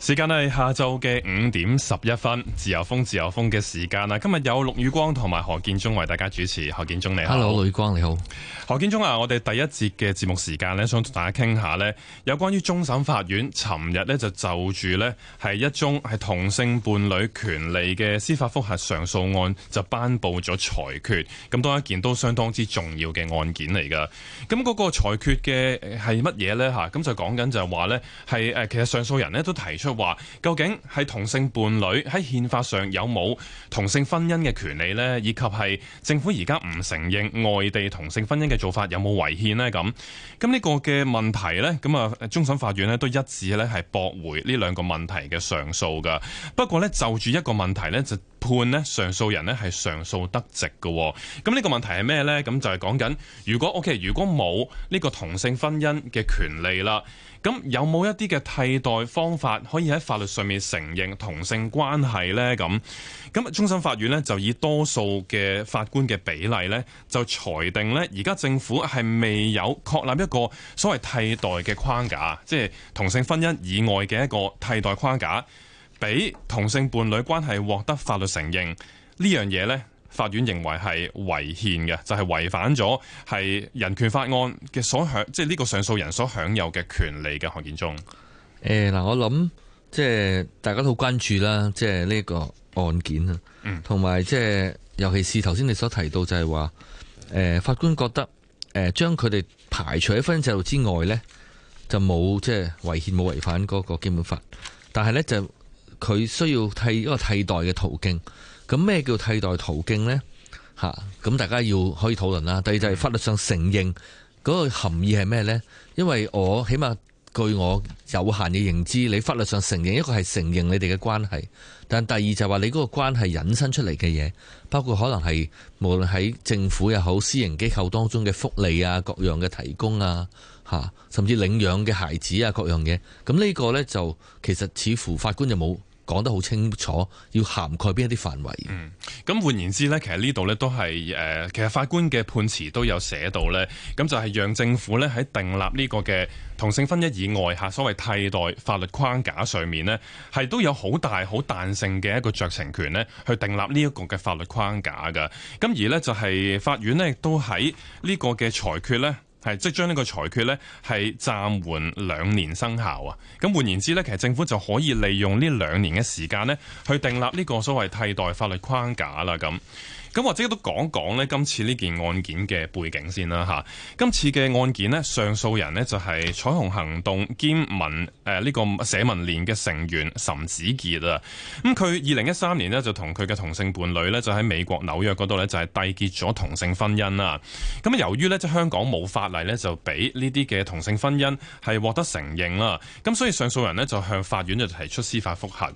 時間係下晝嘅五點十一分，自由風自由風嘅時間啦。今日有陸宇光同埋何建中為大家主持。何建中你好，Hello，陸宇光你好。Hello, 你好何建中啊，我哋第一節嘅節目時間咧，想同大家傾下咧，有關於終審法院，尋日咧就就住咧係一宗係同性伴侶權利嘅司法復核上訴案就頒布咗裁決。咁都一件都相當之重要嘅案件嚟噶。咁、那、嗰個裁決嘅係乜嘢呢？吓，咁就講緊就係話呢係誒，其實上訴人呢都提出。話究竟係同性伴侶喺憲法上有冇同性婚姻嘅權利呢？以及係政府而家唔承認外地同性婚姻嘅做法有冇違憲呢？咁咁呢個嘅問題呢，咁啊終審法院呢都一致呢係駁回呢兩個問題嘅上訴噶。不過呢，就住一個問題，個問題呢，就判呢上訴人呢係上訴得直噶。咁呢個問題係咩呢？咁就係講緊如果 OK，如果冇呢個同性婚姻嘅權利啦。咁有冇一啲嘅替代方法可以喺法律上面承認同性關係呢？咁咁終審法院呢就以多數嘅法官嘅比例呢，就裁定呢而家政府係未有確立一個所謂替代嘅框架，即係同性婚姻以外嘅一個替代框架，俾同性伴侶關係獲得法律承認呢樣嘢呢。法院認為係違憲嘅，就係、是、違反咗係《人權法案》嘅所享，即係呢個上訴人所享有嘅權利嘅何建中。誒嗱、呃，我諗即係大家都好關注啦，即係呢個案件啊，同埋即係尤其是頭先你所提到就係話，誒、呃、法官覺得誒、呃、將佢哋排除喺婚姻制度之外咧，就冇即係違憲冇違反嗰個基本法，但係咧就佢、是、需要替一個替代嘅途徑。咁咩叫替代途徑呢？嚇！咁大家要可以討論啦。第二就係法律上承認嗰個含義係咩呢？因為我起碼據我有限嘅認知，你法律上承認一個係承認你哋嘅關係，但第二就係話你嗰個關係引申出嚟嘅嘢，包括可能係無論喺政府又好，私營機構當中嘅福利啊、各樣嘅提供啊，嚇，甚至領養嘅孩子啊、各樣嘢，咁呢個呢，就其實似乎法官就冇講得好清楚，要涵蓋邊一啲範圍。嗯，咁換言之呢，其實呢度呢都係誒、呃，其實法官嘅判詞都有寫到呢，咁就係、是、讓政府呢喺訂立呢個嘅同性婚姻以外吓，所謂替代法律框架上面呢係都有好大好彈性嘅一個酌情權呢去訂立呢一個嘅法律框架噶。咁而呢，就係法院呢都喺呢個嘅裁決呢係即將將呢個裁決呢係暫緩兩年生效啊！咁換言之呢，其實政府就可以利用呢兩年嘅時間呢，去訂立呢個所謂替代法律框架啦咁。咁或者都講講咧今次呢件案件嘅背景先啦，吓，今次嘅案件咧，上訴人咧就係彩虹行動兼文誒，呢個社民連嘅成員岑子杰啊。咁佢二零一三年咧就同佢嘅同性伴侶咧就喺美國紐約嗰度咧就係締結咗同性婚姻啦。咁由於咧，即香港冇法例咧就俾呢啲嘅同性婚姻係獲得承認啦。咁所以上訴人咧就向法院就提出司法複核。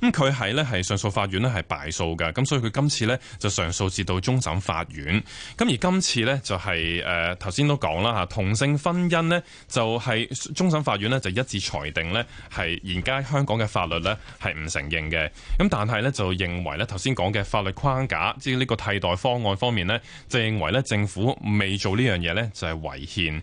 咁佢係咧係上訴法院咧係敗訴嘅。咁所以佢今次咧就上訴。導致到終審法院，咁而今次呢、就是，就係誒頭先都講啦吓，同性婚姻呢、就是，就係終審法院呢，就一致裁定呢係而家香港嘅法律呢係唔承認嘅，咁但係呢，就認為呢頭先講嘅法律框架，即係呢個替代方案方面呢，就認為呢政府未做呢樣嘢呢，就係違憲。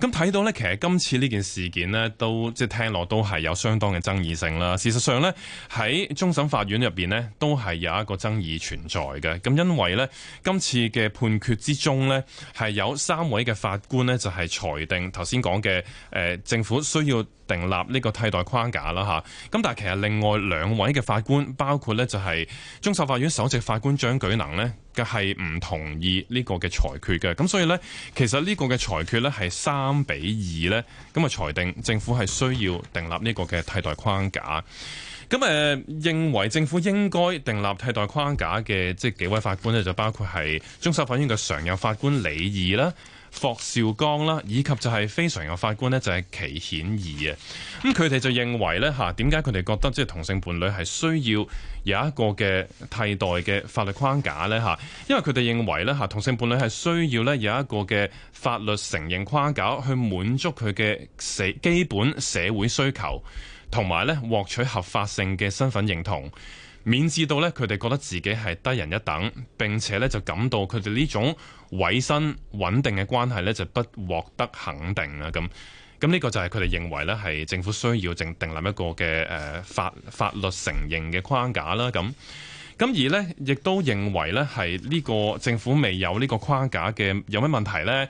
咁睇到呢，其實今次呢件事件呢，都即係聽落都係有相當嘅爭議性啦。事實上呢，喺終審法院入邊呢，都係有一個爭議存在嘅，咁因為咧，今次嘅判決之中咧，係有三位嘅法官咧，就係裁定頭先講嘅，誒，政府需要訂立呢個替代框架啦，吓。咁但係其實另外兩位嘅法官，包括咧就係終審法院首席法官張舉能咧嘅係唔同意呢個嘅裁決嘅。咁所以呢，其實呢個嘅裁決咧係三比二呢，咁啊裁定政府係需要訂立呢個嘅替代框架。咁誒、呃、認為政府應該訂立替代框架嘅，即係幾位法官咧，就包括係終審法院嘅常任法官李義啦、霍兆剛啦，以及就係非常任法官咧，就係祁顯義啊。咁佢哋就認為咧吓，點解佢哋覺得即係同性伴侶係需要有一個嘅替代嘅法律框架咧吓、啊，因為佢哋認為咧吓、啊、同性伴侶係需要咧有一個嘅法律承認框架去滿足佢嘅社基本社會需求。同埋咧，獲取合法性嘅身份認同，免至到咧佢哋覺得自己係低人一等，並且咧就感到佢哋呢種委身穩定嘅關係咧，就不獲得肯定啊！咁咁呢個就係佢哋認為咧，係政府需要正定立一個嘅、呃、法法律承認嘅框架啦。咁咁而呢，亦都認為呢係呢個政府未有呢個框架嘅有咩問題呢？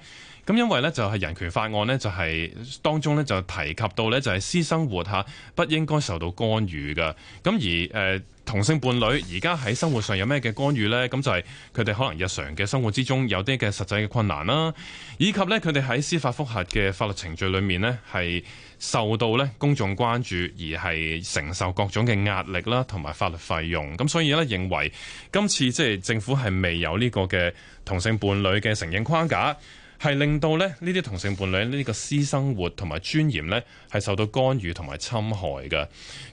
咁因為咧，就係《人權法案》呢就係當中呢，就提及到呢，就係私生活下，不應該受到干預㗎。咁而誒同性伴侶而家喺生活上有咩嘅干預呢？咁就係佢哋可能日常嘅生活之中有啲嘅實際嘅困難啦，以及呢，佢哋喺司法複核嘅法律程序裏面呢，係受到呢公眾關注而係承受各種嘅壓力啦，同埋法律費用。咁所以呢，認為今次即係政府係未有呢個嘅同性伴侶嘅承認框架。係令到咧呢啲同性伴侶呢、呢個私生活同埋尊嚴呢係受到干預同埋侵害嘅，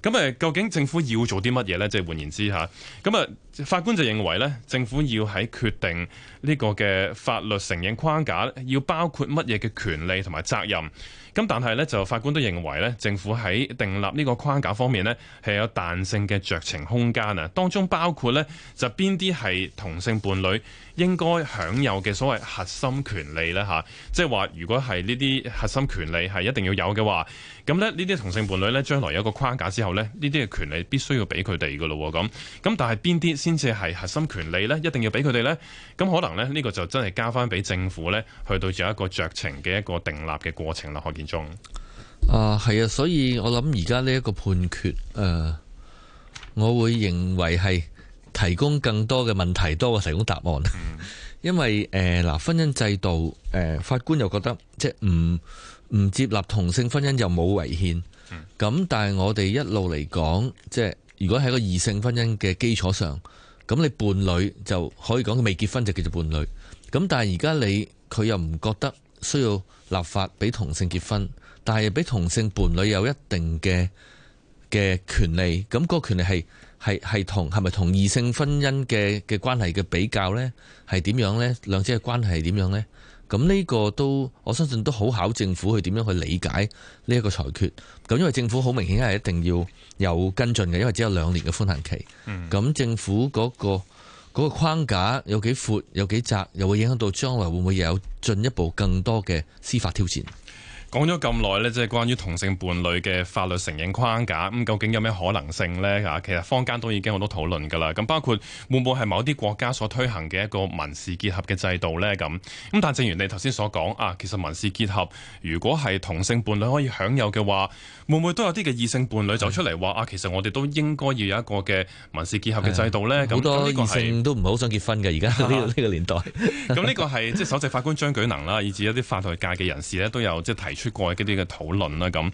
咁誒究竟政府要做啲乜嘢呢？即係換言之下，咁法官就認為咧，政府要喺決定呢個嘅法律承認框架，要包括乜嘢嘅權利同埋責任。咁但係咧，就法官都認為咧，政府喺訂立呢個框架方面呢，係有彈性嘅酌情空間啊。當中包括咧，就邊啲係同性伴侶應該享有嘅所謂核心權利呢？嚇，即係話如果係呢啲核心權利係一定要有嘅話。咁呢呢啲同性伴侶呢，將來有一個框架之後呢，呢啲嘅權利必須要俾佢哋噶咯。咁咁，但係邊啲先至係核心權利呢？一定要俾佢哋呢？咁可能呢，呢個就真係交翻俾政府呢，去對住一個酌情嘅一個訂立嘅過程啦。何建忠啊，係啊，所以我諗而家呢一個判決誒、呃，我會認為係提供更多嘅問題多過提供答案，嗯、因為誒嗱、呃，婚姻制度誒、呃，法官又覺得即係唔。唔接納同性婚姻又冇違憲，咁、嗯、但係我哋一路嚟講，即係如果喺個異性婚姻嘅基礎上，咁你伴侶就可以講未結婚就叫做伴侶，咁但係而家你佢又唔覺得需要立法俾同性結婚，但係俾同性伴侶有一定嘅嘅權利，咁、個權利係係係同係咪同異性婚姻嘅嘅關係嘅比較呢？係點樣呢？兩者嘅關係係點樣呢？咁呢個都我相信都好考政府去點樣去理解呢一個裁決。咁因為政府好明顯係一定要有跟進嘅，因為只有兩年嘅寬限期。咁、嗯、政府嗰個嗰個框架有幾闊，有幾窄，又會影響到將來會唔會又有進一步更多嘅司法挑戰。講咗咁耐呢，即係關於同性伴侶嘅法律承認框架，咁究竟有咩可能性呢？吓，其實坊間都已經好多討論㗎啦。咁包括會唔會係某啲國家所推行嘅一個民事結合嘅制度呢？咁咁，但正如你頭先所講，啊，其實民事結合如果係同性伴侶可以享有嘅話，會唔會都有啲嘅異性伴侶走出嚟話啊？其實我哋都應該要有一個嘅民事結合嘅制度呢。」好多異性都唔係好想結婚嘅，而家呢個呢個年代、啊。咁呢 個係即係首席法官張舉能啦，以至一啲法律界嘅人士呢，都有即係提出。出過一啲嘅討論啦，咁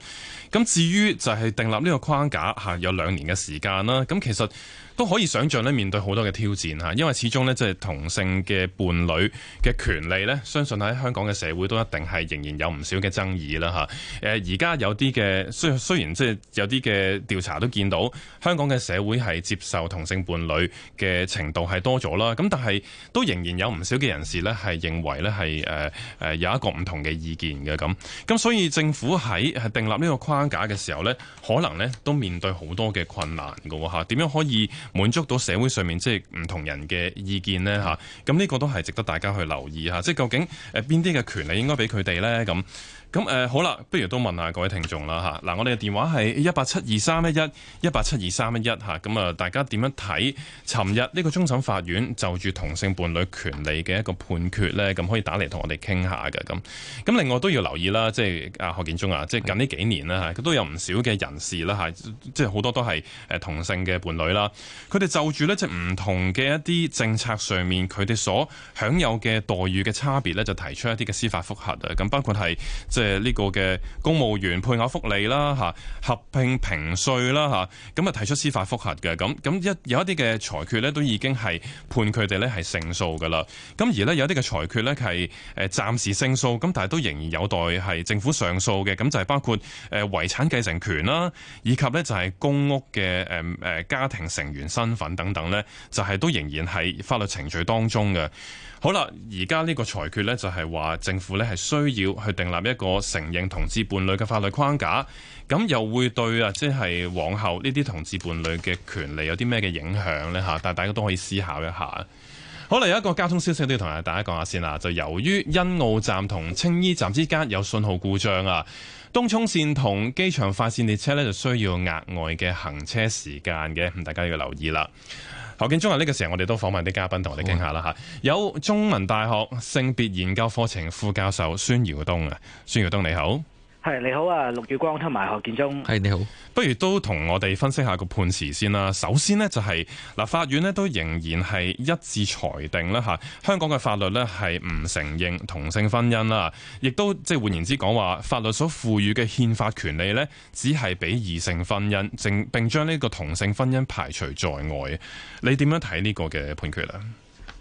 咁至於就係訂立呢個框架嚇，有兩年嘅時間啦，咁其實。都可以想像咧，面對好多嘅挑戰嚇，因為始終咧即係同性嘅伴侶嘅權利咧，相信喺香港嘅社會都一定係仍然有唔少嘅爭議啦嚇。誒而家有啲嘅雖雖然即係有啲嘅調查都見到香港嘅社會係接受同性伴侶嘅程度係多咗啦，咁但係都仍然有唔少嘅人士咧係認為咧係誒誒有一個唔同嘅意見嘅咁。咁所以政府喺係訂立呢個框架嘅時候咧，可能咧都面對好多嘅困難㗎喎嚇，點樣可以？滿足到社會上面即係唔同人嘅意見呢。咁、這、呢個都係值得大家去留意吓，即係究竟誒邊啲嘅權利應該俾佢哋呢？咁。咁誒、呃、好啦，不如都問下各位聽眾啦吓嗱，我哋嘅電話係一八七二三一一，一八七二三一一咁啊，大家點樣睇？尋日呢個終審法院就住同性伴侶權利嘅一個判決呢？咁、啊、可以打嚟同我哋傾下嘅咁。咁、啊、另外都要留意啦，即係阿何建中啊，即係近呢幾年啦佢、啊、都有唔少嘅人士啦吓，即係好多都係同性嘅伴侶啦。佢、啊、哋就住呢即係唔同嘅一啲政策上面，佢哋所享有嘅待遇嘅差別呢，就提出一啲嘅司法覆核啊。咁包括係。即呢個嘅公務員配偶福利啦嚇，合併評稅啦嚇，咁啊提出司法覆核嘅。咁咁一有一啲嘅裁決咧，都已經係判佢哋咧係勝訴嘅啦。咁而呢，有一啲嘅裁決咧係誒暫時勝訴，咁但係都仍然有待係政府上訴嘅。咁就係包括誒遺產繼承權啦，以及咧就係公屋嘅誒誒家庭成員身份等等咧，就係都仍然係法律程序當中嘅。好啦，而家呢個裁決呢，就係話政府呢係需要去訂立一個承認同志伴侶嘅法律框架，咁又會對啊即係往後呢啲同志伴侶嘅權利有啲咩嘅影響呢吓？但大家都可以思考一下。好啦，有一個交通消息都要同大家講下先啦，就由於欣澳站同青衣站之間有信號故障啊，東涌線同機場快線列車呢，就需要額外嘅行車時間嘅，咁大家要留意啦。何建中啊，呢個時候我哋都訪問啲嘉賓，同我哋傾下啦吓。有中文大學性別研究課程副教授孫耀東啊，孫耀東你好。係，你好啊，陸月光同埋何建忠。係，你好，你好，不如都同我哋分析下個判詞先啦。首先呢，就係、是、嗱，法院呢都仍然係一致裁定啦。吓，香港嘅法律呢係唔承認同性婚姻啦，亦都即係換言之講話，法律所賦予嘅憲法權利呢，只係俾異性婚姻，並並將呢個同性婚姻排除在外。你點樣睇呢個嘅判決啊？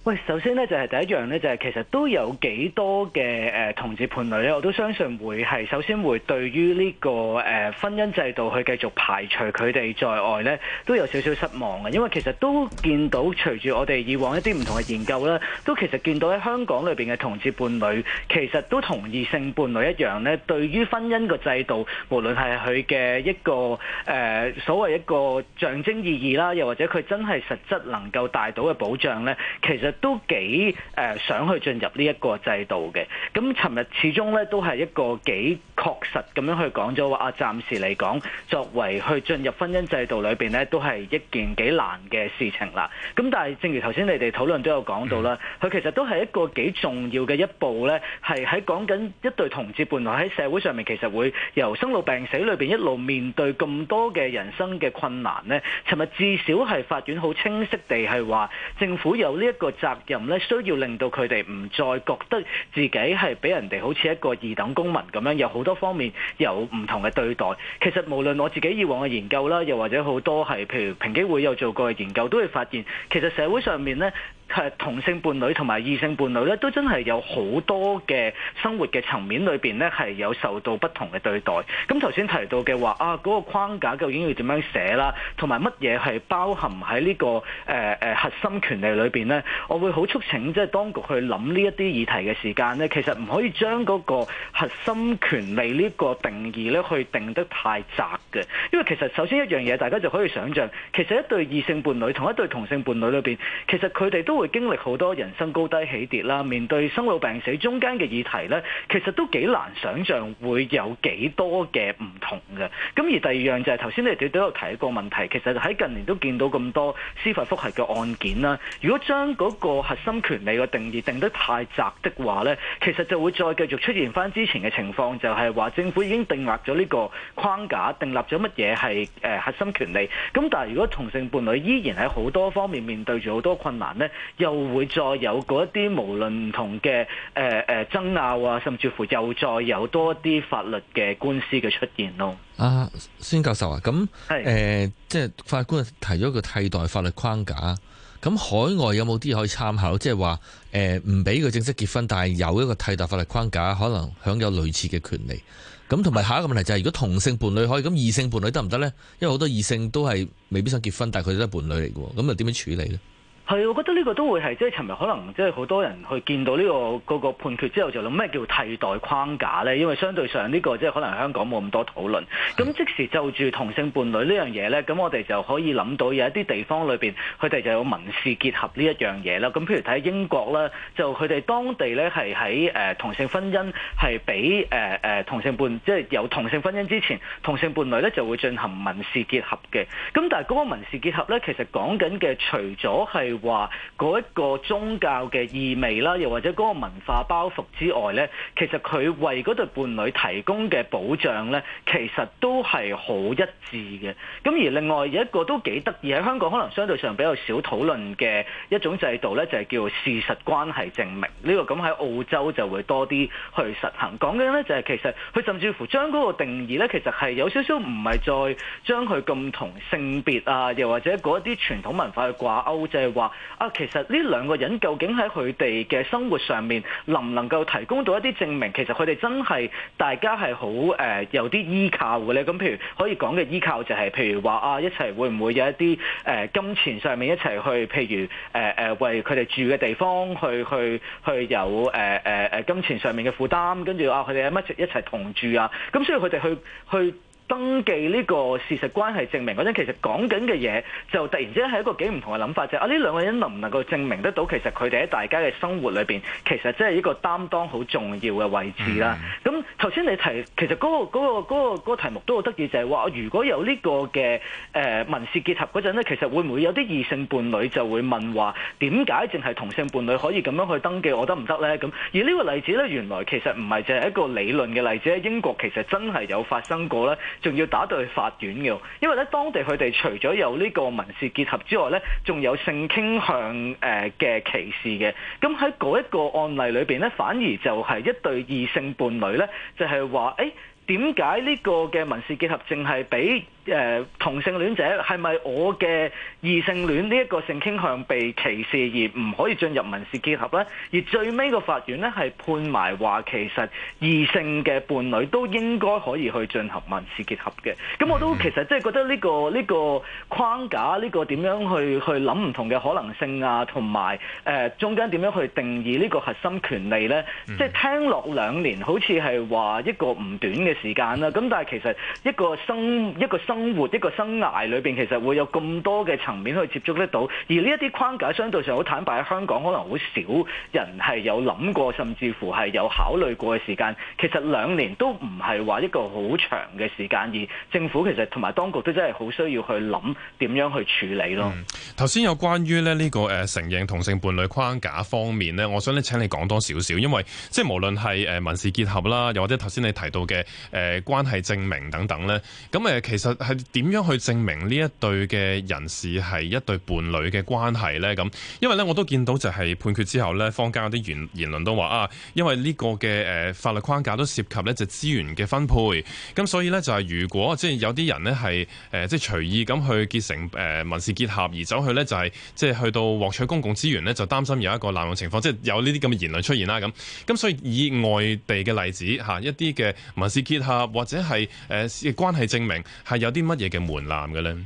喂，首先咧就係、是、第一樣咧，就係、是、其實都有幾多嘅誒、呃、同志伴侶咧，我都相信會係首先會對於呢、這個誒、呃、婚姻制度去繼續排除佢哋在外咧，都有少少失望嘅。因為其實都見到隨住我哋以往一啲唔同嘅研究咧，都其實見到喺香港裏邊嘅同志伴侶其實都同異性伴侶一樣咧，對於婚姻個制度，無論係佢嘅一個誒、呃、所謂一個象徵意義啦，又或者佢真係實質能夠帶到嘅保障咧，其實。都幾誒、呃、想去進入呢一個制度嘅，咁尋日始終咧都係一個幾確實咁樣去講咗話啊，暫時嚟講作為去進入婚姻制度裏邊咧，都係一件幾難嘅事情啦。咁但係正如頭先你哋討論都有講到啦，佢其實都係一個幾重要嘅一步咧，係喺講緊一對同志伴侶喺社會上面其實會由生老病死裏邊一路面對咁多嘅人生嘅困難咧。尋日至少係法院好清晰地係話政府有呢、這、一個。責任咧，需要令到佢哋唔再覺得自己係俾人哋好似一個二等公民咁樣，有好多方面有唔同嘅對待。其實無論我自己以往嘅研究啦，又或者好多係譬如平機會有做過嘅研究，都會發現其實社會上面呢。係同性伴侶同埋異性伴侶咧，都真係有好多嘅生活嘅層面裏邊咧，係有受到不同嘅對待。咁頭先提到嘅話啊，嗰個框架究竟要點樣寫啦？同埋乜嘢係包含喺呢個誒誒核心權利裏邊咧？我會好促請即係當局去諗呢一啲議題嘅時間咧，其實唔可以將嗰個核心權利呢個定義咧，去定得太窄嘅。因為其實首先一樣嘢，大家就可以想象，其實一對異性伴侶同一對同性伴侶裏邊其實佢哋都會經歷好多人生高低起跌啦，面對生老病死中間嘅議題呢，其實都幾難想象會有幾多嘅唔同嘅。咁而第二樣就係頭先你哋都有提一個問題，其實喺近年都見到咁多司法覆核嘅案件啦。如果將嗰個核心權利嘅定義定得太窄的話呢，其實就會再繼續出現翻之前嘅情況，就係話政府已經定立咗呢個框架，定立咗乜嘢係誒核心權利。咁但係如果同性伴侶依然喺好多方面面對住好多困難呢。又會再有嗰一啲無論唔同嘅誒誒爭拗啊，甚至乎又再有多啲法律嘅官司嘅出現咯。啊，孫教授啊，咁是、呃、即係法官提咗個替代法律框架，咁海外有冇啲可以參考？即係話誒唔俾佢正式結婚，但係有一個替代法律框架，可能享有類似嘅權利。咁同埋下一個問題就係、是，如果同性伴侶可以，咁異性伴侶得唔得呢？因為好多異性都係未必想結婚，但係佢都係伴侶嚟嘅，咁又點樣處理呢？係，我覺得呢個都會係即係尋日可能即係好多人去見到呢、這個嗰、這個判決之後，就諗咩叫替代框架呢？因為相對上呢、這個即係可能香港冇咁多討論。咁即時就住同性伴侶呢樣嘢呢，咁我哋就可以諗到有一啲地方裏面，佢哋就有民事結合呢一樣嘢啦。咁譬如睇英國啦，就佢哋當地呢係喺誒同性婚姻係畀誒同性伴即係、就是、有同性婚姻之前，同性伴侶呢就會進行民事結合嘅。咁但係嗰個民事結合呢，其實講緊嘅除咗係話嗰一個宗教嘅意味啦，又或者嗰個文化包袱之外咧，其實佢為嗰對伴侶提供嘅保障咧，其實都係好一致嘅。咁而另外有一個都幾得意喺香港，可能相對上比較少討論嘅一種制度咧，就係叫做事實關係證明呢個。咁喺澳洲就會多啲去實行。講緊咧就係其實佢甚至乎將嗰個定義咧，其實係有少少唔係再將佢咁同性別啊，又或者嗰一啲傳統文化去掛鈎，即係話。啊，其實呢兩個人究竟喺佢哋嘅生活上面，能唔能夠提供到一啲證明？其實佢哋真係大家係好誒，有啲依靠嘅咧。咁、嗯、譬如可以講嘅依靠就係、是，譬如話啊，一齊會唔會有一啲誒、呃、金錢上面一齊去，譬如誒誒、呃，為佢哋住嘅地方去去去有誒誒誒金錢上面嘅負擔，跟住啊，佢哋係咪一齊一齊同住啊？咁、嗯、所以佢哋去去。去登記呢個事實關係證明嗰陣，其實講緊嘅嘢就突然之間係一個幾唔同嘅諗法，就啊呢兩個人能唔能夠證明得到其實佢哋喺大家嘅生活裏面，其實即係一個擔當好重要嘅位置啦。咁頭先你提，其實嗰個、嗰個、嗰個、嗰個題目都好得意，就係話如果有呢個嘅誒民事結合嗰陣呢，其實會唔會有啲異性伴侶就會問話點解淨係同性伴侶可以咁樣去登記我，我得唔得呢？咁而呢個例子呢，原來其實唔係淨係一個理論嘅例子，英國其實真係有發生過呢。仲要打到法院嘅，因為咧當地佢哋除咗有呢個民事結合之外咧，仲有性傾向嘅歧視嘅。咁喺嗰一個案例裏面咧，反而就係一對異性伴侶咧，就係話誒點解呢個嘅民事結合淨係俾？誒同性戀者係咪我嘅異性戀呢一個性傾向被歧視而唔可以進入民事結合呢而最尾個法院呢係判埋話，其實異性嘅伴侶都應該可以去進行民事結合嘅。咁我都其實即係覺得呢、這個呢、這個框架呢、這個點樣去去諗唔同嘅可能性啊，同埋、呃、中間點樣去定義呢個核心權利呢？即係、嗯、聽落兩年好似係話一個唔短嘅時間啦、啊。咁但係其實一個生一個。生活一個生涯裏邊，其實會有咁多嘅層面去接觸得到，而呢一啲框架相對上好坦白喺香港，可能好少人係有諗過，甚至乎係有考慮過嘅時間。其實兩年都唔係話一個好長嘅時間，而政府其實同埋當局都真係好需要去諗點樣去處理咯。頭先、嗯、有關於咧、這、呢個誒、呃、承認同性伴侶框架方面呢，我想咧請你講多少少，因為即係無論係誒民事結合啦，又或者頭先你提到嘅誒、呃、關係證明等等呢。咁誒、呃、其實。係點樣去證明呢一對嘅人士係一對伴侶嘅關係呢？咁因為呢，我都見到就係判決之後呢，坊間有啲言言論都話啊，因為呢個嘅誒、呃、法律框架都涉及呢就資源嘅分配，咁所以呢，就係、是、如果即係有啲人呢係誒、呃、即係隨意咁去結成誒、呃、民事結合而走去呢，就係即係去到獲取公共資源呢，就擔心有一個濫用情況，即係有呢啲咁嘅言論出現啦。咁、啊、咁所以以外地嘅例子吓、啊，一啲嘅民事結合或者係誒、呃、關係證明係有。有啲乜嘢嘅門檻嘅咧？誒、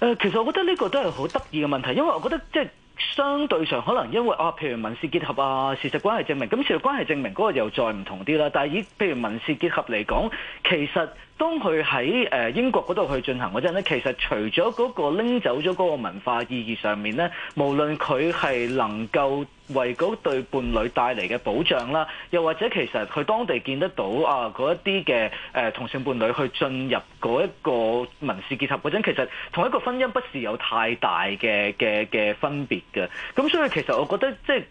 呃，其實我覺得呢個都係好得意嘅問題，因為我覺得即係相對上可能因為啊，譬如民事結合啊，事實關係證明，咁事實關係證明嗰個又再唔同啲啦。但係以譬如民事結合嚟講，其實。當佢喺誒英國嗰度去進行嗰陣咧，其實除咗嗰個拎走咗嗰個文化意義上面咧，無論佢係能夠為嗰對伴侶帶嚟嘅保障啦，又或者其實佢當地見得到啊嗰一啲嘅誒同性伴侶去進入嗰一個民事結合嗰陣，其實同一個婚姻不是有太大嘅嘅嘅分別嘅。咁所以其實我覺得即係。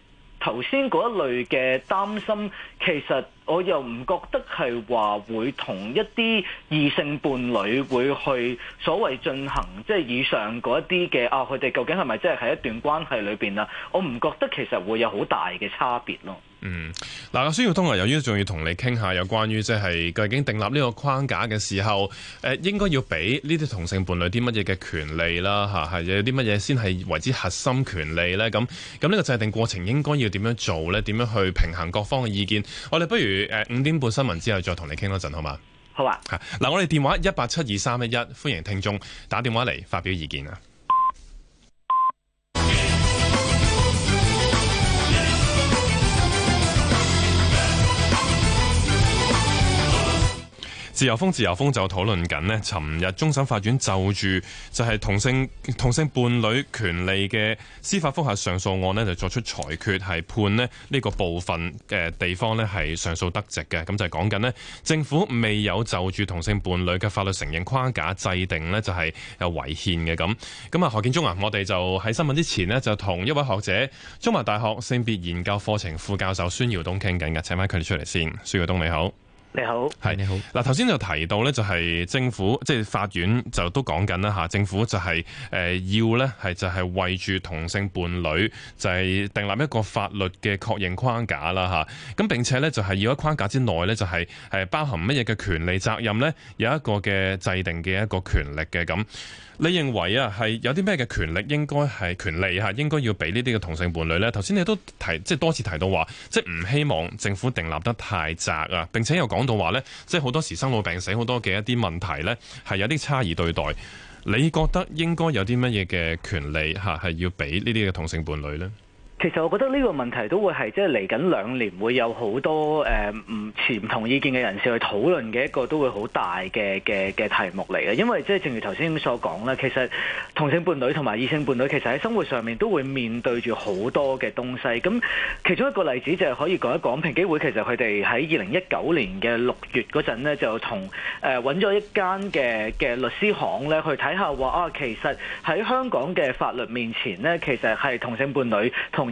頭先嗰一類嘅擔心，其實我又唔覺得係話會同一啲異性伴侶會去所謂進行，即係以上嗰一啲嘅啊，佢哋究竟係咪真係喺一段關係裏邊啊？我唔覺得其實會有好大嘅差別咯。嗯，嗱，孫耀東啊，由於仲要同你傾下有關於即係究竟訂立呢個框架嘅時候，誒、呃，應該要俾呢啲同性伴侶啲乜嘢嘅權利啦，吓係有啲乜嘢先係為之核心權利咧？咁咁呢個制定過程應該要點樣做咧？點樣去平衡各方嘅意見？我哋不如誒五點半新聞之後再同你傾一陣好嗎？好啊。吓，嗱，我哋電話一八七二三一一，歡迎聽眾打電話嚟發表意見啊！自由風，自由風就討論緊尋日，終審法院就住就係同性同性伴侶權利嘅司法覆核上訴案呢就作出裁決，係判呢、呢個部分嘅地方咧係上訴得直嘅。咁就係講緊政府未有就住同性伴侶嘅法律承認框架制定呢就係、是、有違憲嘅。咁咁啊，何建中啊，我哋就喺新聞之前呢就同一位學者，中文大學性別研究課程副教授孫耀東傾緊嘅。請翻佢哋出嚟先，孫耀東你好。你好，係是你好。嗱，頭先就提到咧，就係政府即係法院就都講緊啦吓，政府就係、是、誒、呃、要咧，係就係為住同性伴侶就係、是、訂立一個法律嘅確認框架啦吓，咁、啊、並且咧就係要喺框架之內咧、就是，就係誒包含乜嘢嘅權利責任咧，有一個嘅制定嘅一個權力嘅咁。你認為啊，係有啲咩嘅權利應該係權利嚇，應該要俾呢啲嘅同性伴侶呢？頭先你都提，即係多次提到話，即係唔希望政府訂立得太窄啊！並且又講到話呢，即係好多時生老病死好多嘅一啲問題呢，係有啲差異對待。你覺得應該有啲乜嘢嘅權利嚇，係要俾呢啲嘅同性伴侶呢？其實我覺得呢個問題都會係即係嚟緊兩年會有好多誒唔、呃、同意見嘅人士去討論嘅一個都會好大嘅嘅嘅題目嚟嘅，因為即係正如頭先所講啦，其實同性伴侶同埋異性伴侶其實喺生活上面都會面對住好多嘅東西。咁其中一個例子就係可以講一講，平機會其實佢哋喺二零一九年嘅六月嗰陣咧，就同誒揾咗一間嘅嘅律師行咧去睇下話啊，其實喺香港嘅法律面前呢，其實係同性伴侶同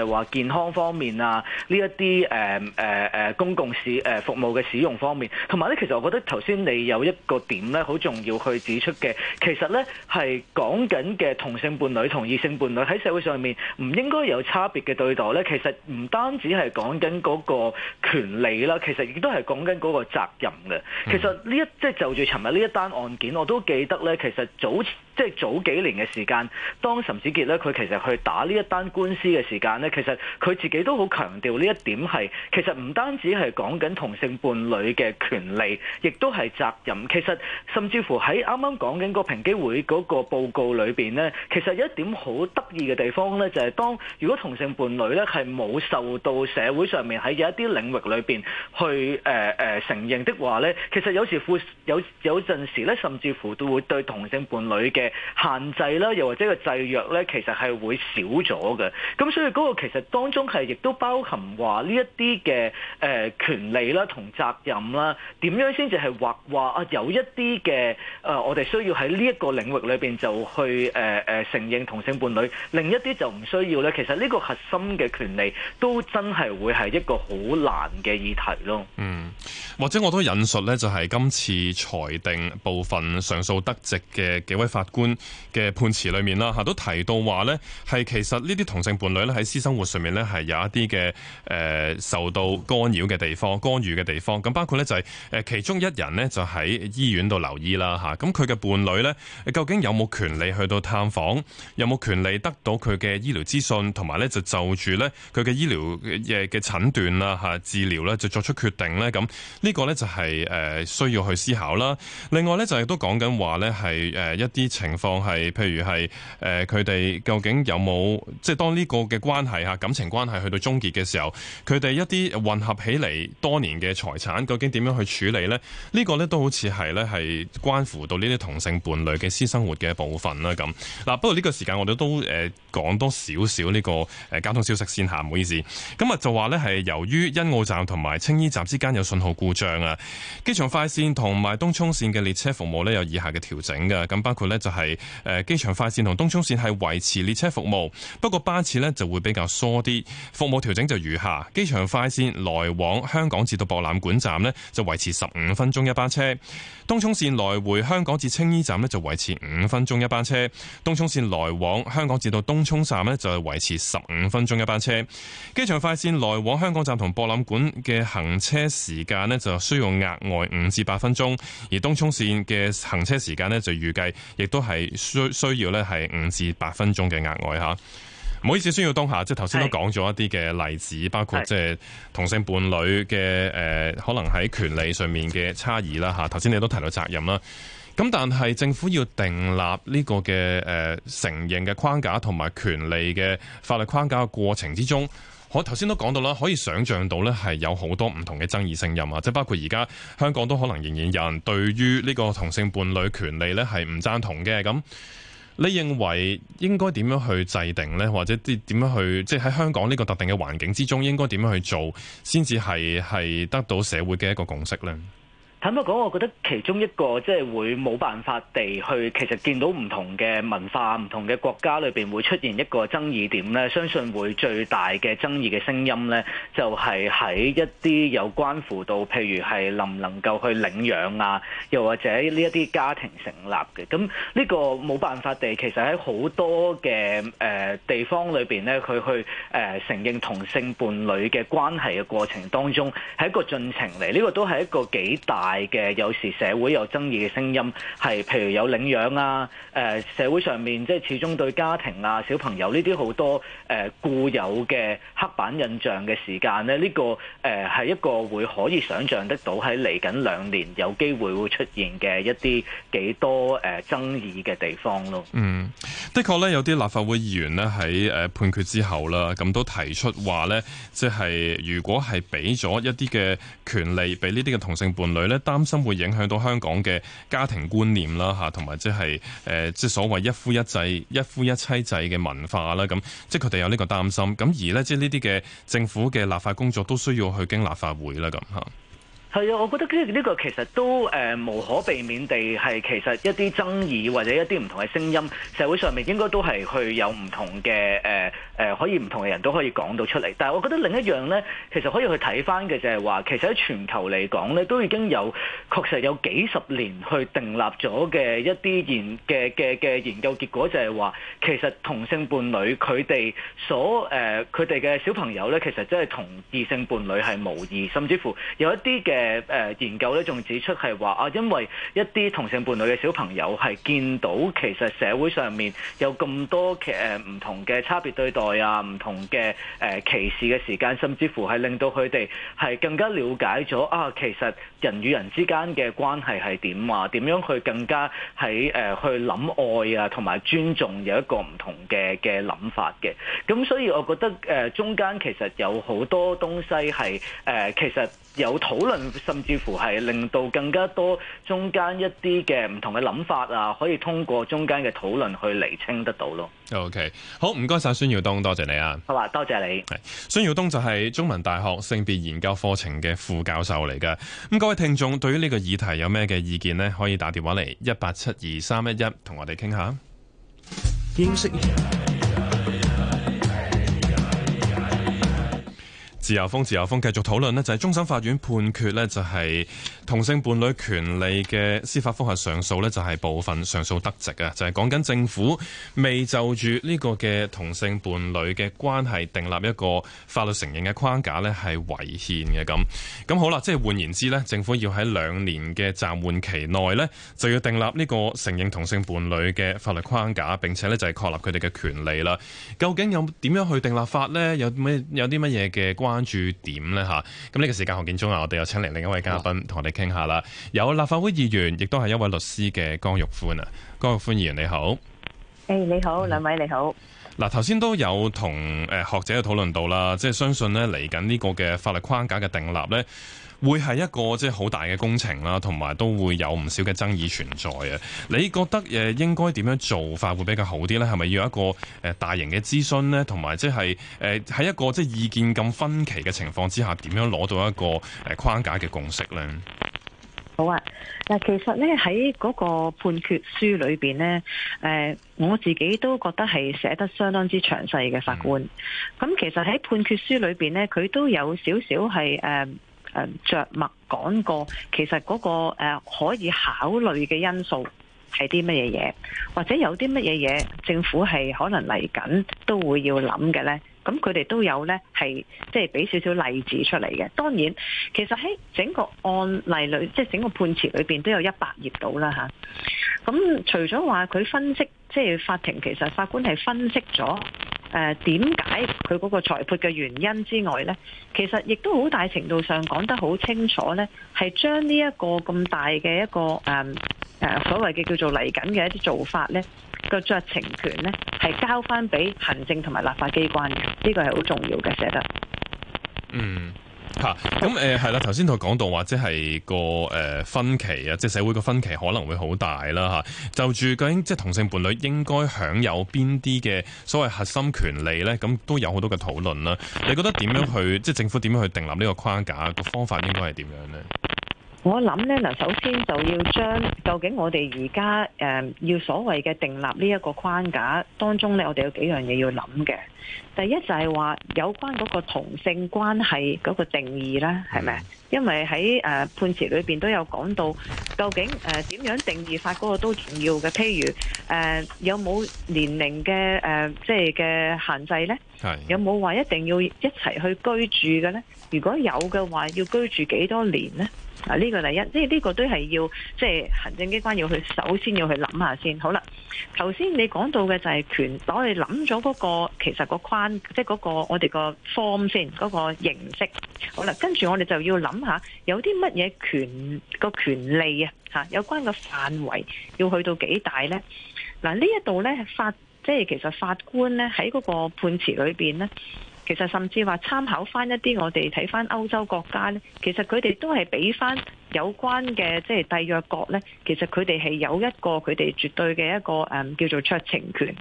係話健康方面啊，呢一啲誒誒誒公共使誒、呃、服務嘅使用方面，同埋咧，其實我覺得頭先你有一個點咧好重要去指出嘅，其實咧係講緊嘅同性伴侶同異性伴侶喺社會上面唔應該有差別嘅對待咧。其實唔單止係講緊嗰個權利啦，其實亦都係講緊嗰個責任嘅。其實呢一即係就住尋日呢一單案件，我都記得咧，其實早即係、就是、早幾年嘅時間當岑子杰咧，佢其實去打呢一單官司嘅時間咧。其實佢自己都好強調呢一點係，其實唔單止係講緊同性伴侶嘅權利，亦都係責任。其實甚至乎喺啱啱講緊個平機會嗰個報告裏面呢，其實有一點好得意嘅地方呢，就係、是、當如果同性伴侶呢係冇受到社會上面喺有一啲領域裏面去誒誒、呃呃、承認的話呢，其實有時會有有陣時呢，甚至乎都會對同性伴侶嘅限制啦，又或者個制約呢，其實係會少咗嘅。咁所以嗰、那個。其實當中係亦都包含話呢一啲嘅誒權利啦，同責任啦，點樣先至係或話啊有一啲嘅誒，我哋需要喺呢一個領域裏邊就去誒誒、呃呃、承認同性伴侶，另一啲就唔需要咧。其實呢個核心嘅權利都真係會係一個好難嘅議題咯。嗯，或者我都引述呢，就係、是、今次裁定部分上訴得直嘅幾位法官嘅判詞裏面啦，嚇、啊、都提到話呢，係其實呢啲同性伴侶咧喺生活上面呢，係有一啲嘅誒受到干擾嘅地方、干預嘅地方。咁包括呢就係誒其中一人呢就喺醫院度留醫啦吓，咁佢嘅伴侶呢究竟有冇權利去到探訪，有冇權利得到佢嘅醫療資訊同埋呢就就住呢佢嘅醫療嘅診斷啦吓治療呢就作出決定呢，咁。呢個呢就係誒需要去思考啦。另外呢就係都講緊話呢係誒一啲情況，係譬如係誒佢哋究竟有冇即當這個關係當呢個嘅關。係啊，感情關係去到終結嘅時候，佢哋一啲混合起嚟多年嘅財產，究竟點樣去處理呢？呢、這個咧都好似係咧係關乎到呢啲同性伴侶嘅私生活嘅部分啦。咁嗱，不過呢個時間我哋都誒講、呃、多少少呢個誒、呃、交通消息先下唔好意思。咁啊就話呢係由於欣澳站同埋青衣站之間有信號故障啊，機場快線同埋東涌線嘅列車服務呢有以下嘅調整嘅。咁包括呢就係誒機場快線同東涌線係維持列車服務，不過班次呢就會比。就疏啲服務調整就如下：機場快綫來往香港至到博覽館站呢，就維持十五分鐘一班車；東涌綫來回香港至青衣站呢，就維持五分鐘一班車；東涌綫來往香港至到東涌站呢，就係維持十五分鐘一班車。機場快綫來往香港站同博覽館嘅行車時間呢，就需要額外五至八分鐘；而東涌綫嘅行車時間呢，就預計亦都係需需要呢係五至八分鐘嘅額外吓。唔好意思，孫耀東吓，即係頭先都講咗一啲嘅例子，是包括即係同性伴侶嘅誒，可能喺權利上面嘅差異啦嚇。頭先你都提到責任啦，咁但係政府要訂立呢個嘅誒、呃、承認嘅框架同埋權利嘅法律框架嘅過程之中，我頭先都講到啦，可以想像到呢係有好多唔同嘅爭議聲音，啊，即係包括而家香港都可能仍然有人對於呢個同性伴侶權利呢係唔贊同嘅咁。你認為應該點樣去制定呢？或者啲點樣去，即係喺香港呢個特定嘅環境之中，應該點樣去做，先至係得到社會嘅一個共識呢？坦白講，我覺得其中一個即係會冇辦法地去，其實見到唔同嘅文化、唔同嘅國家裏邊會出現一個爭議點咧。相信會最大嘅爭議嘅聲音咧，就係、是、喺一啲有關乎到，譬如係能唔能夠去領養啊，又或者呢一啲家庭成立嘅。咁呢個冇辦法地，其實喺好多嘅誒、呃、地方裏邊咧，佢去誒、呃、承認同性伴侶嘅關係嘅過程當中，係一個進程嚟。呢、這個都係一個幾大。大嘅，有時社會有爭議嘅聲音，係譬如有領養啊，誒，社會上面即係始終對家庭啊、小朋友呢啲好多誒固有嘅刻板印象嘅時間咧，呢個誒係一個會可以想象得到喺嚟緊兩年有機會會出現嘅一啲幾多誒爭議嘅地方咯。嗯，的確咧，有啲立法會議員咧喺誒判決之後啦，咁都提出話咧，即係如果係俾咗一啲嘅權利俾呢啲嘅同性伴侶咧。擔心會影響到香港嘅家庭觀念啦，吓同埋即係誒，即係所謂一夫一制、一夫一妻制嘅文化啦，咁即係佢哋有呢個擔心。咁而呢，即係呢啲嘅政府嘅立法工作都需要去經立法會啦，咁吓。係啊，我覺得呢個個其實都誒、呃、無可避免地係其實一啲爭議或者一啲唔同嘅聲音，社會上面應該都係去有唔同嘅、呃呃、可以唔同嘅人都可以講到出嚟。但係我覺得另一樣呢，其實可以去睇翻嘅就係話，其實喺全球嚟講呢，都已經有確實有幾十年去訂立咗嘅一啲研嘅嘅嘅研究結果就是說，就係話其實同性伴侶佢哋所誒佢哋嘅小朋友呢，其實真係同異性伴侶係無異，甚至乎有一啲嘅。誒誒研究咧，仲指出係話啊，因為一啲同性伴侶嘅小朋友係見到其實社會上面有咁多嘅誒唔同嘅差別對待啊，唔同嘅誒、啊、歧視嘅時間，甚至乎係令到佢哋係更加了解咗啊，其實人與人之間嘅關係係點啊？點樣去更加喺誒、啊、去諗愛啊，同埋尊重有一個唔同嘅嘅諗法嘅。咁所以我覺得誒、啊、中間其實有好多東西係誒、啊、其實有討論。甚至乎係令到更加多中間一啲嘅唔同嘅諗法啊，可以通過中間嘅討論去厘清得到咯。OK，好唔該晒孫耀東，多謝你啊。好啊，多謝你。係孫耀東就係中文大學性別研究課程嘅副教授嚟噶。咁各位聽眾對於呢個議題有咩嘅意見呢？可以打電話嚟一八七二三一一，同我哋傾下。自由風，自由風，繼續討論咧，就係、是、中審法院判決咧，就係、是、同性伴侶權利嘅司法複核上訴咧，就係、是、部分上訴得直嘅，就係講緊政府未就住呢個嘅同性伴侶嘅關係定立一個法律承認嘅框架咧，係違憲嘅咁。咁好啦，即係換言之咧，政府要喺兩年嘅暫緩期內咧，就要定立呢個承認同性伴侶嘅法律框架，並且咧就係確立佢哋嘅權利啦。究竟有點樣去定立法呢？有咩有啲乜嘢嘅關係，關注點呢？吓，咁呢個時間何建中啊，我哋有請嚟另一位嘉賓同我哋傾下啦。哦、有立法會議員，亦都係一位律師嘅江玉歡啊，江玉歡議員你好。誒，你好，兩位，hey, 你好。嗱、嗯，頭先都有同誒學者嘅討論到啦，即係相信呢嚟緊呢個嘅法律框架嘅訂立呢，會係一個即係好大嘅工程啦，同埋都會有唔少嘅爭議存在嘅。你覺得誒應該點樣做法會比較好啲呢？係咪要一個誒大型嘅諮詢呢？同埋即係誒喺一個即係意見咁分歧嘅情況之下，點樣攞到一個誒框架嘅共識呢？好啊，嗱，其實呢，喺嗰個判決書裏邊呢，誒、呃，我自己都覺得係寫得相當之詳細嘅法官。咁、嗯、其實喺判決書裏邊呢，佢都有少少係誒。呃著墨講過，其實嗰個可以考慮嘅因素係啲乜嘢嘢，或者有啲乜嘢嘢政府係可能嚟緊都會要諗嘅呢。咁佢哋都有呢係即係俾少少例子出嚟嘅。當然，其實喺整個案例裏，即係整個判詞裏面都有一百頁到啦吓，咁除咗話佢分析，即係法庭其實法官係分析咗。誒點解佢嗰個裁決嘅原因之外呢，其實亦都好大程度上講得好清楚呢，係將呢一個咁大嘅一個誒誒所謂嘅叫做嚟緊嘅一啲做法，呢個酌情權，呢係交翻俾行政同埋立法機關嘅，呢、呢個係好重要嘅，寫得嗯。吓，咁誒係啦，頭先同佢講到或者係，即係個誒分歧啊，即係社會個分歧可能會好大啦吓。就住究竟，即係同性伴侶應該享有邊啲嘅所謂核心權利咧，咁都有好多嘅討論啦。你覺得點樣去即係政府點樣去訂立呢個框架個方法應該係點樣咧？我諗呢，嗱，首先就要將究竟我哋而家誒要所謂嘅訂立呢一個框架當中呢，我哋有幾樣嘢要諗嘅。第一就係話有關嗰個同性關係嗰個定義啦，係咪？因為喺誒、呃、判詞裏邊都有講到，究竟誒呃、點樣定義法嗰個都重要嘅。譬如誒、呃、有冇年齡嘅誒即係嘅限制呢？是的 有冇話一定要一齊去居住嘅呢？如果有嘅話，要居住幾多年呢？啊！呢個第一，即係呢個都係要，即係行政機關要去首先要去諗下先。好啦，頭先你講到嘅就係權，我哋諗咗嗰個其實個框，即係嗰個我哋個 form 先，嗰個形式。好啦，跟住我哋就要諗下，有啲乜嘢權個權利啊？有關個範圍要去到幾大咧？嗱，呢一度咧法，即係其實法官咧喺嗰個判詞裏面咧。其實甚至話參考翻一啲，我哋睇翻歐洲國家呢，其實佢哋都係俾翻有關嘅，即係締約國呢，其實佢哋係有一個佢哋絕對嘅一個叫做酌情權，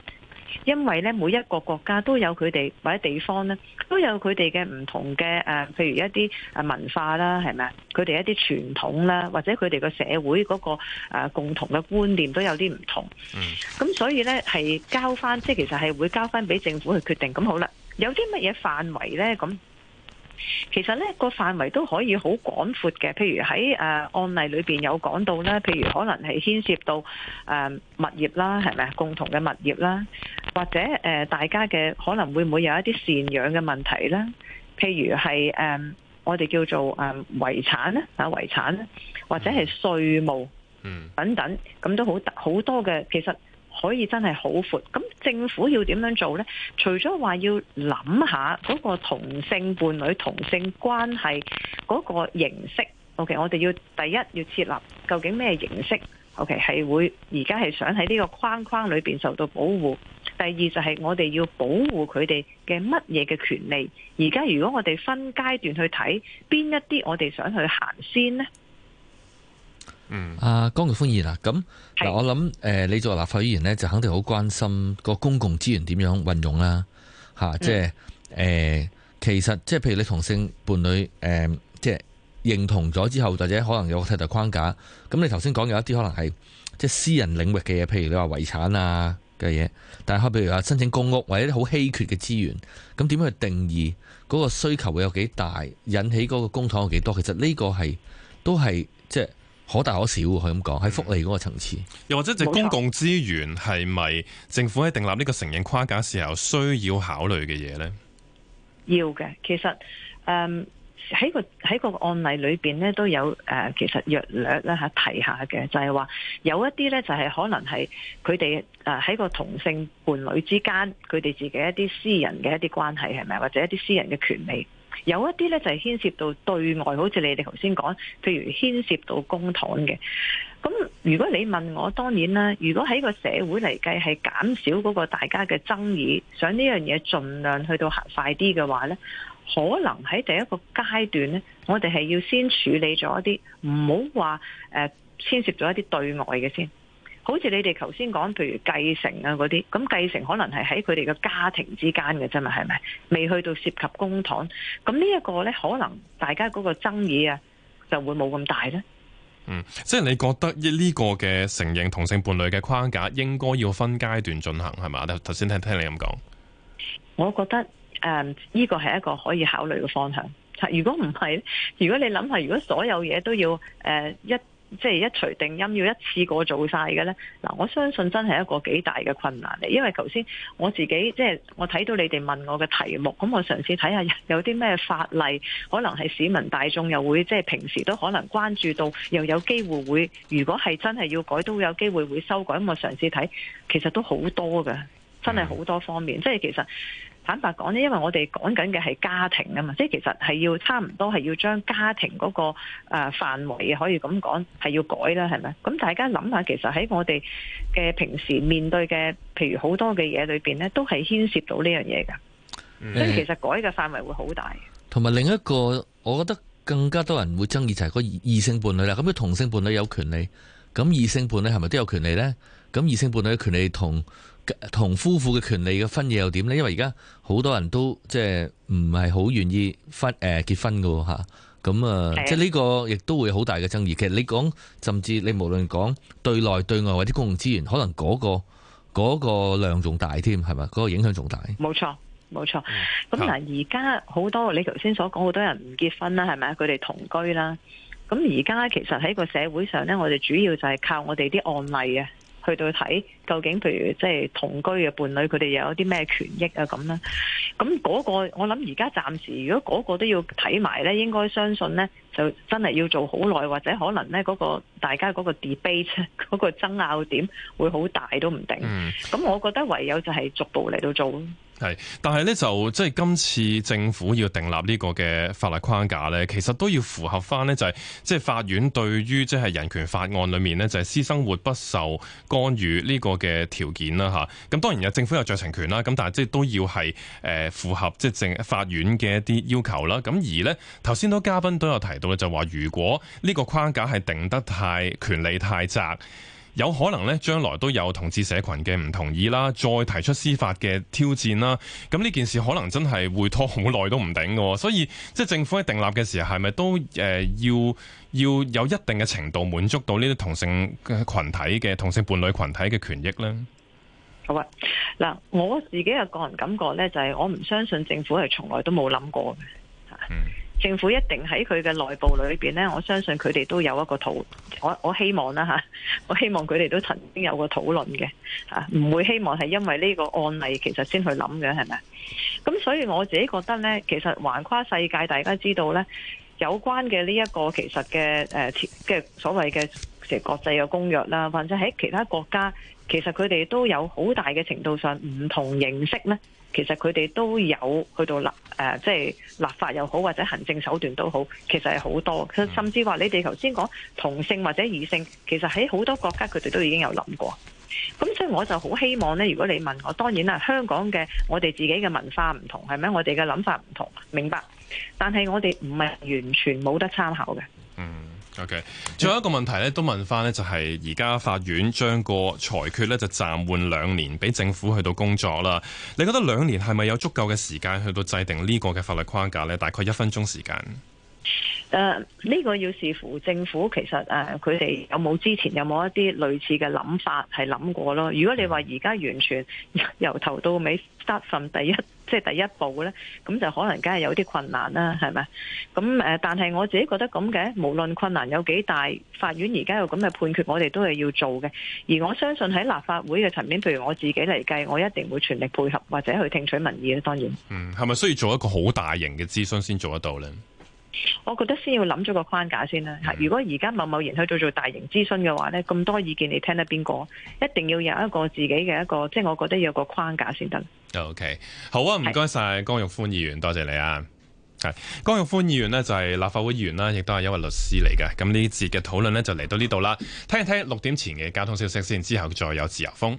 因為呢每一個國家都有佢哋，或者地方呢都有佢哋嘅唔同嘅，譬如一啲文化啦，係咪佢哋一啲傳統啦，或者佢哋嘅社會嗰個共同嘅觀念都有啲唔同。咁、嗯、所以呢，係交翻，即其實係會交翻俾政府去決定。咁好啦。有啲乜嘢範圍呢？咁其實呢、呢個範圍都可以好廣闊嘅，譬如喺誒、呃、案例裏邊有講到咧，譬如可能係牽涉到誒、呃、物業啦，係咪啊？共同嘅物業啦，或者誒、呃、大家嘅可能會唔會有一啲贍養嘅問題咧？譬如係誒、呃、我哋叫做誒、呃、遺產咧，啊遺產咧，或者係稅務等等，咁、嗯、都好好多嘅，其實。可以真係好闊，咁政府要點樣做咧？除咗話要諗下嗰個同性伴侶同性關係嗰個形式，OK，我哋要第一要設立究竟咩形式，OK，係會而家係想喺呢個框框裏邊受到保護，第二就係我哋要保護佢哋嘅乜嘢嘅權利。而家如果我哋分階段去睇，邊一啲我哋想去行先咧？嗯，啊江玉豐議員啊，咁嗱是，我諗誒、呃，你做立法議員呢，就肯定好關心個公共資源點樣運用啦，吓、啊，即係誒、呃，其實即係譬如你同性伴侶誒、呃，即係認同咗之後，或者可能有替代框架，咁你頭先講有一啲可能係即係私人領域嘅嘢，譬如你話遺產啊嘅嘢，但係譬如話申請公屋或者啲好稀缺嘅資源，咁點樣去定義嗰個需求會有幾大，引起嗰個公帑有幾多，多？其實呢個係都係即係。可大可小喎，佢咁講，喺福利嗰個層次，又或者就公共資源係咪政府喺訂立呢個承認框架時候需要考慮嘅嘢咧？要嘅，其實誒喺、嗯、個喺個案例裏邊咧都有誒、呃、其實略略咧嚇提一下嘅，就係、是、話有一啲咧就係、是、可能係佢哋誒喺個同性伴侶之間，佢哋自己一啲私人嘅一啲關係，係咪，或者一啲私人嘅權利？有一啲咧就係牽涉到對外，好似你哋頭先講，譬如牽涉到公堂嘅。咁如果你問我，當然啦，如果喺個社會嚟計係減少嗰個大家嘅爭議，想呢樣嘢盡量去到快啲嘅話咧，可能喺第一個階段咧，我哋係要先處理咗一啲，唔好話誒牽涉咗一啲對外嘅先。好似你哋頭先講，譬如繼承啊嗰啲，咁繼承可能係喺佢哋嘅家庭之間嘅啫嘛，係咪？未去到涉及公堂，咁呢一個呢，可能大家嗰個爭議啊，就會冇咁大呢。嗯，即係你覺得呢呢個嘅承認同性伴侶嘅框架應該要分階段進行係嘛？頭頭先聽聽你咁講，我覺得誒呢、呃這個係一個可以考慮嘅方向。如果唔係，如果你諗下，如果所有嘢都要誒、呃、一。即係一錘定音要一次過做晒嘅呢。嗱，我相信真係一個幾大嘅困難嚟，因為頭先我自己即係我睇到你哋問我嘅題目，咁我嘗試睇下有啲咩法例可能係市民大眾又會即係平時都可能關注到，又有機會會如果係真係要改，都有機會會修改。咁我嘗試睇，其實都好多㗎，真係好多方面，即係其實。坦白講呢，因為我哋講緊嘅係家庭啊嘛，即係其實係要差唔多係要將家庭嗰個誒範圍可以咁講係要改啦，係咪？咁大家諗下，其實喺我哋嘅平時面對嘅，譬如好多嘅嘢裏邊呢，都係牽涉到呢樣嘢嘅，所以其實改嘅範圍會好大。同埋、嗯、另一個，我覺得更加多人會爭議就係、是、個異性伴侶啦。咁如果同性伴侶有權利，咁異性伴侶係咪都有權利呢？咁異性伴侶嘅權利同同夫婦嘅權利嘅分野又點呢？因為而家好多人都即係唔係好願意分誒結婚嘅吓，咁啊，的即係呢個亦都會好大嘅爭議。其實你講，甚至你無論講對內對外或者公共資源，可能嗰個嗰個量仲大添，係咪？嗰個影響仲大。冇錯，冇錯。咁嗱、嗯，而家好多你頭先所講，好多人唔結婚啦，係咪？佢哋同居啦。咁而家其實喺個社會上呢，我哋主要就係靠我哋啲案例啊。去到睇究竟，譬如即係同居嘅伴侶，佢哋又有啲咩權益啊樣？咁啦，咁嗰個我諗而家暫時，如果嗰個都要睇埋咧，應該相信咧，就真係要做好耐，或者可能咧，嗰個大家嗰個 debate 嗰個爭拗點會好大都唔定。咁我覺得唯有就係逐步嚟到做咯。係，但係咧就即係今次政府要定立呢個嘅法律框架咧，其實都要符合翻呢，就係即係法院對於即係人權法案裏面呢，就係私生活不受干預呢個嘅條件啦。吓咁當然有政府有酌情權啦，咁但係即係都要係誒符合即係政法院嘅一啲要求啦。咁而呢頭先都嘉賓都有提到咧，就話如果呢個框架係定得太權利太窄。有可能咧，將來都有同志社群嘅唔同意啦，再提出司法嘅挑戰啦。咁呢件事可能真係會拖好耐都唔定㗎。所以即係政府喺訂立嘅時候，係咪都誒、呃、要要有一定嘅程度滿足到呢啲同性群體嘅同性伴侶群體嘅權益呢？好啊，嗱，我自己嘅個人感覺呢，就係我唔相信政府係從來都冇諗過嘅。嗯政府一定喺佢嘅內部裏面呢。我相信佢哋都有一個討，我我希望啦嚇，我希望佢哋、啊、都曾經有個討論嘅，嚇唔會希望係因為呢個案例其實先去諗嘅係咪？咁所以我自己覺得呢，其實橫跨世界，大家知道呢，有關嘅呢一個其實嘅即、呃、所謂嘅其實國際嘅公約啦，或者喺其他國家，其實佢哋都有好大嘅程度上唔同認識呢。其實佢哋都有去到立誒，即、呃、係、就是、立法又好，或者行政手段都好，其實係好多。甚至話你哋頭先講同性或者異性，其實喺好多國家佢哋都已經有諗過。咁所以我就好希望呢，如果你問我，當然啦，香港嘅我哋自己嘅文化唔同，係咪？我哋嘅諗法唔同，明白。但係我哋唔係完全冇得參考嘅。OK，最後一個問題咧，都問翻咧，就係而家法院將個裁決咧就暫緩兩年，俾政府去到工作啦。你覺得兩年係咪有足夠嘅時間去到制定呢個嘅法律框架呢？大概一分鐘時間。誒，呢、uh, 個要視乎政府，其實誒，佢、啊、哋有冇之前有冇一啲類似嘅諗法係諗過咯？如果你話而家完全由頭到尾得份第一，即、就、係、是、第一步呢，咁就可能梗係有啲困難啦，係咪？咁誒、啊，但係我自己覺得咁嘅，無論困難有幾大，法院而家有咁嘅判決，我哋都係要做嘅。而我相信喺立法會嘅層面，譬如我自己嚟計，我一定會全力配合或者去聽取民意。當然，嗯，係咪需要做一個好大型嘅諮詢先做得到呢？我覺得先要諗咗個框架先啦吓，如果而家某某人去做做大型諮詢嘅話咧，咁多意見你聽得邊個？一定要有一個自己嘅一個，即係我覺得要有一個框架先得。OK，好啊，唔該晒江玉歡議員，是多謝你啊。係江玉歡議員呢，就係立法會議員啦，亦都係一位律師嚟嘅。咁呢節嘅討論呢，就嚟到呢度啦。聽一聽六點前嘅交通消息先，之後再有自由風。